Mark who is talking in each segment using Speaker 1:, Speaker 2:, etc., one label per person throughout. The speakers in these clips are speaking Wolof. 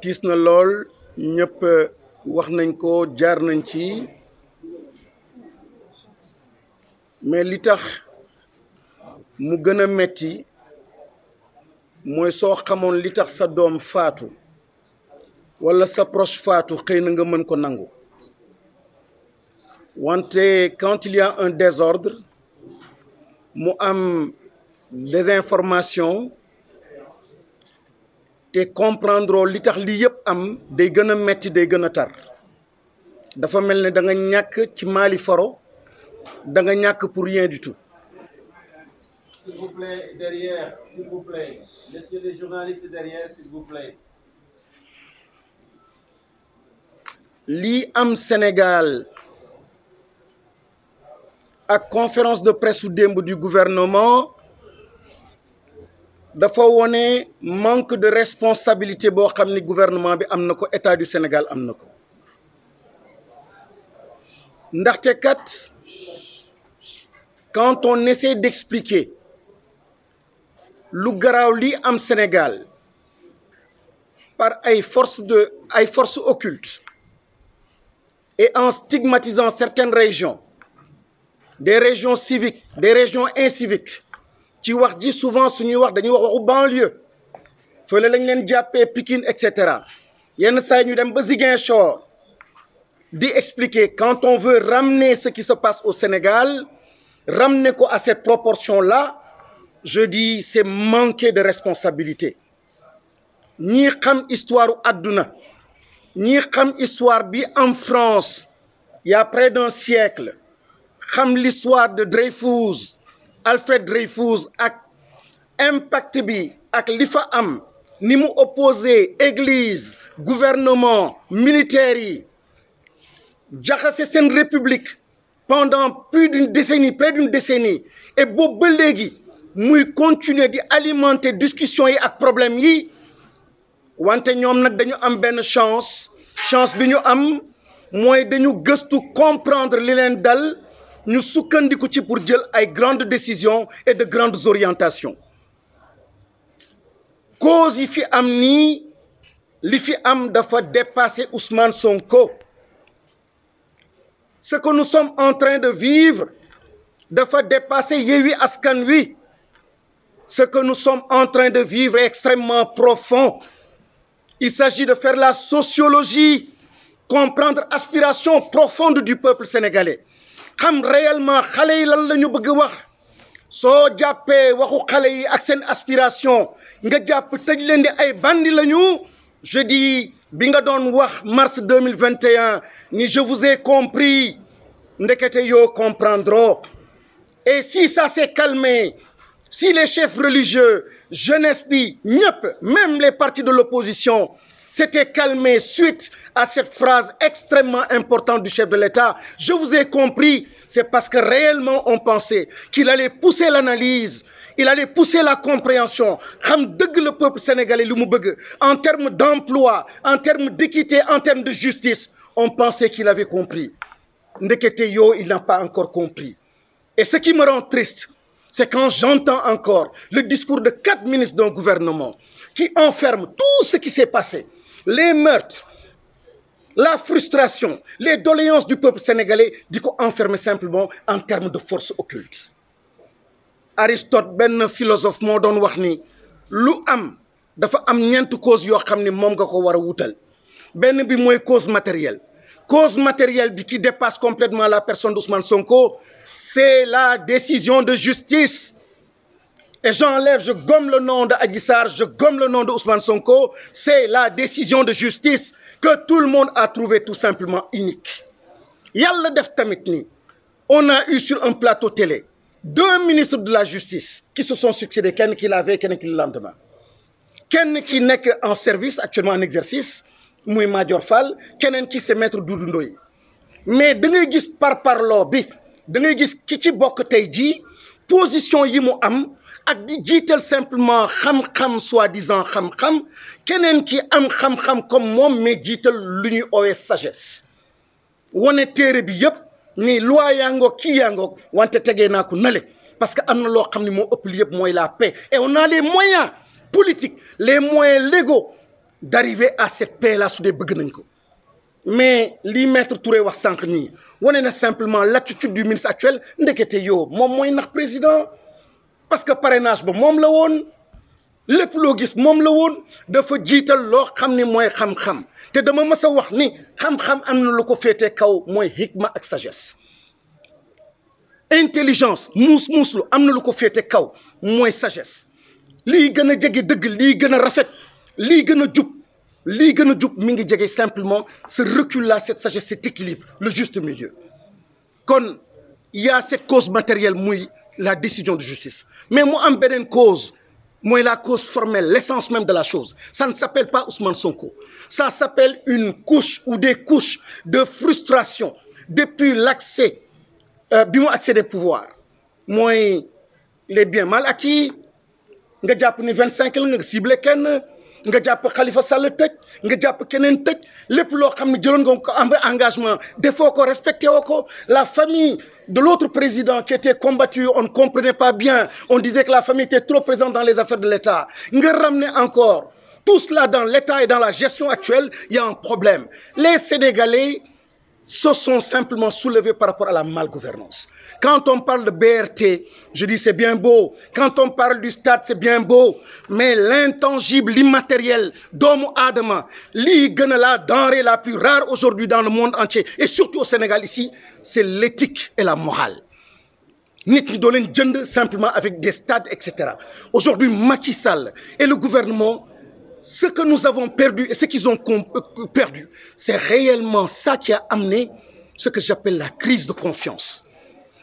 Speaker 1: tiis na lool ñëpp euh, wax nañ ko jaar nañ ci mais li tax mu gën a metti mooy soo xamoon li tax sa doom faatu wala sa proche faatu xëy na nga mën ko nangu wante quand il un désordre mu am désinformation te comprendre li tax lii yëpp am day gën a metti day gën a tar dafa mel ne da ñàkk ci Mali faro danga ñàkk pour rien du tout. lii am Sénégal ak conférence de presse su démb du gouvernement. dafa wone manque de responsabilité boo xam ni gouvernement bi am na ko état du Sénégal am na ko ndaxte kat quant on essaie d'expliquer lu garaaw lii am Sénégal par ay forces de ay forces occultes et en stigmatisant certaines régions des régions civiques des régions inciviques ci wax ji souvent su suñuy wax dañuy wax waxu banlieue fële lañ leen jàppee Pikine et cetera yenn saa ñu dem ba Ziguinchor di expliquer quand on veut ramener ce qui se passe au Sénégal ramener ko à cette proportion là je dis c'est manquer de responsabilité ñii xam histoire àdduna ñii xam histoire bi en France il y a près d'un siècle xam l'histoire de Dreyfus Alfred Dreyfus ak impact bi ak li fa am ni mu opposé église gouvernement militaire yi jaxase seen république pendant plus d'une décennie près d'une décennie et boobu ba léegi muy continuer di alimenter discussion yi ak problème yi wante ñoom nag dañu am benn chance chance bi ñu am mooy dañu gëstu comprendre li leen dal ñu sukkandiku ci pour jël ay grandes décisions et de grandes orientations cause yi fi am ni li fi am dafa dépasser son co ce que nous sommes en train de vivre dafa dépasser Yewwi Askan Wi ce que nous sommes en train de vivre est extrêmement profond il s'agit de faire la sociologie comprendre aspiration profonde du peuple sénégalais xam réellement xale yi lan la ñu bëgg wax soo jàppee waxu xale yi ak seen aspiration nga jàpp tëj leen di ay bandi la ñu je di bi nga doon wax mars deux mille vingt et un ni je vous ai compris ndekete yoo comprendront et si ça s'est calmé si les chefs religieux jeunesse bi ñëpp même les partis de l'opposition s'était calmé suite à cette phrase extrêmement importante du chef de l'État. Je vous ai compris, c'est parce que réellement on pensait qu'il allait pousser l'analyse, il allait pousser la compréhension xam dëgg le peuple sénégalais lu mu bëgg en termes d'emploi en termes d'équité en termes de justice on pensait qu'il avait compris ndekete yoo il n'a pas encore compris et ce qui me rend triste c'est quand j'entends encore le discours de quatre ministres d'un gouvernement qui enferme tout ce qui s'est passé les meurtres la frustration les doléances du peuple sénégalais di ko enfermer simplement en termes de force occulte Aristote benn philosophe moo doon wax ni lu am dafa am ñeent cause yoo xam ne moom nga ko war a wutal benn bi mooy cause matérielle cause matérielle bi qui dépasse complètement la personne son Sonko c'est la décision de justice Et j'enlève, je gomme le nom de Adji Sarr, je gomme le nom de Ousmane Sonko. C'est la décision de justice que tout le monde a trouvé tout simplement unique. yàlla def tamit ni on a eu sur un plateau télé deux ministres de la justice qui se sont succédés kenn ki la veille kenn ki le lendemain kenn ki nekk en service actuellement en exercice muy Madior Fall keneen ki c'est maître Doudou Ndoye mais da ngay gis parparloo bi da ngay gis ki ci bokk tey jii position yi mu am ak di jiital simplement xam-xam soi-disant xam-xam keneen ki am xam-xam comme moom mais jiital lu ñuy oowee sagesse wane téere bi yëpp ni loi yaa ngoog kii yaa ngoog wante tegee naa ko nale parce que am na loo xam ne moo ëpp li yëpp mooy la paix et on a les moyens politiques les moyens légaux d'arriver à cette paix là su dee bëgg nañ ko mais li maître Touré wax sànq nii wane na simplement l'attitude du ministre actuel ndekete yow moom mooy nax président parce que parrainage ba moom la woon lépp loo gis moom la woon dafa jiital loo xam ni mooy xam-xam te dama mës a wax ni xam-xam am na lu ko féetee kaw mooy hikma ak sagesse intelligence muus muuslu am na lu ko féete kaw mooy sagesse lii gën a jege dëgg lii gën a rafet lii gën a jub lii gën a jub mi ngi jege simplement ce recul là cette sagesse cet équilibre le juste milieu kon y a cette cause matérielle muy la décision de justice mais mu am beneen cause mooy la cause formelle l'essence même de la chose ça ne s'appelle pas Ousmane Sonko ça s'appelle une couche ou des couches de frustration depuis l'accès bi euh, mu accès des pouvoirs mooy les biens mal acquis nga jàpp ni vingt cinq la nga ciblé kenn nga jàpp Khalifa Sall tëj nga jàpp keneen tëj lépp loo xam ne jëloon nga ko am engagement defoo ko respecté woo ko la famille de l'autre président qui était combattu on ne comprenait pas bien on disait que la famille était trop présente dans les affaires de l'État nga ramener encore tout cela dans l'État et dans la gestion actuelle il y a un problème les Sénégalais se sont simplement soulevés par rapport à la malgouvernance. Quand on parle de BRT, je dis c'est bien beau. Quand on parle du stade, c'est bien beau. Mais l'intangible, l'immatériel, d'homme Adama, la denrée la plus rare aujourd'hui dans le monde entier, et surtout au Sénégal ici, c'est l'éthique et la morale. Nous devons simplement avec des stades, etc. Aujourd'hui, Macky Sall et le gouvernement ce que nous avons perdu et ce qu'ils ont euh, perdu, c'est réellement ça qui a amené ce que j'appelle la crise de confiance.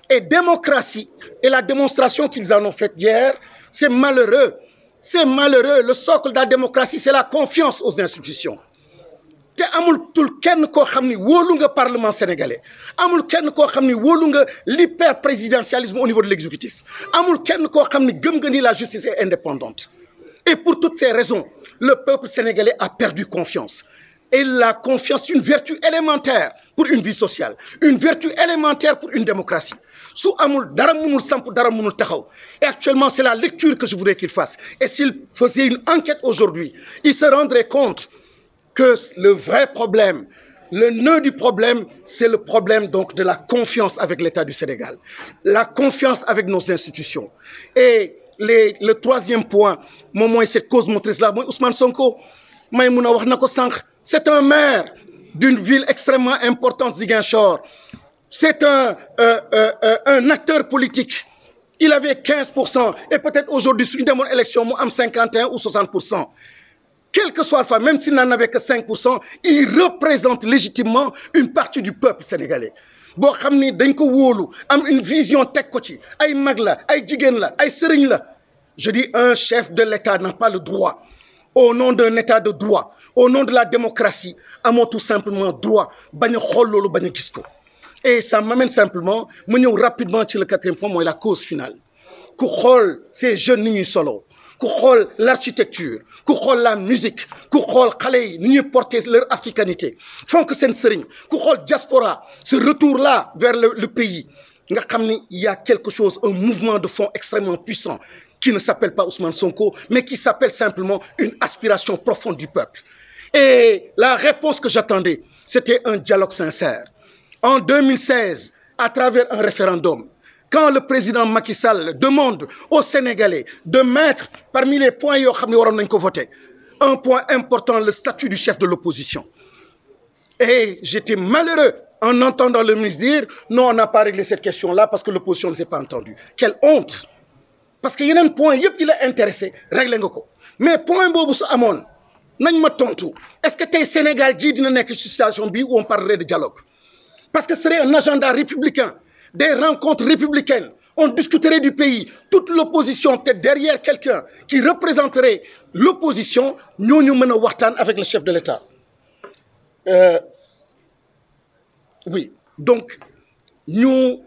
Speaker 1: Et démocratie, et la démonstration qu'ils en ont faite hier, c'est malheureux. C'est malheureux. Le socle de la démocratie, c'est la confiance aux institutions. te amul tul kenn koo xam ni wóolu nga parlement sénégalais amul kenn koo xam ni wóolu nga l'hyper présidentialisme au niveau de l'exécutif amul kenn koo xam ni gëm nga ni la justice est indépendante Et pour toutes ces raisons, le peuple sénégalais a perdu confiance. Et la confiance, une vertu élémentaire pour une vie sociale, une vertu élémentaire pour une démocratie. su amul dara munul samp dara munul taxaw et actuellement c'est la lecture que je voudrais qu'il fasse et s'il faisait une enquête aujourd'hui il se rendrait compte que le vrai problème le nœud du problème c'est le problème donc de la confiance avec l'État du Sénégal la confiance avec nos les le troisième point moom mooy cette cause motrice là mooy Ousmane Sonko may mun a wax na ko sànq c'est un maire d'une ville extrêmement importante Ziguinchor c'est un euh, euh, euh un acteur politique il avait pour cent et peut-être aujourd'hui suñu demoon élection mu am 51 ou 60 pour cent quel que soit le fait même s'il n'en avait que 5 pour cent il représente légitimement une partie du peuple sénégalais boo xam ni dañ ko wóolu am une vision teg ko ci ay mag la ay jigéen la ay sëriñ la je dis un chef de l'État n'a pas le droit au nom d'un état de droit au nom de la démocratie amoo tout simplement droit bañ a xool loolu bañ a gis ko et ça m'amène simplement mu ñëw rapidement ci le quatrième point mooy la cause finale ku xool ces jeunes ni ñuy solo ku xool l'architecture ku xool la musique ku xool xale yi ni ñuy porter leur africanité fonk seen sëriñ ku xool diaspora ce retour là vers le, le pays nga xam ni y a quelque chose un mouvement de fond extrêmement puissant qui ne s'appelle pas Ousmane Sonko mais qui s'appelle simplement une aspiration profonde du peuple et la réponse que j'attendais c'était un dialogue sincère en 2016 à travers un référendum quand le président Macky Sall demande aux Sénégalais de mettre parmi les points yoo xam ne waroon nañ ko voter un point important le statut du chef de l'opposition et j'étais malheureux en entendant le ministre dire non on n'a pas réglé cette question-là parce que l'opposition ne s'est pas entendue quelle honte parce que yeneen point yëpp yi la intéressé réglé nga ko mais point boobu su amoon nañ ma tontu est-ce que tey Sénégal jii dina nekk situation bi où on parlerait de dialogue parce que ce serait un agenda républicain des rencontres républicaines. On discuterait du pays. Toute l'opposition était derrière quelqu'un qui représenterait l'opposition. Nous, nous menons Wartan avec le chef de l'État. Euh, oui. Donc, nous...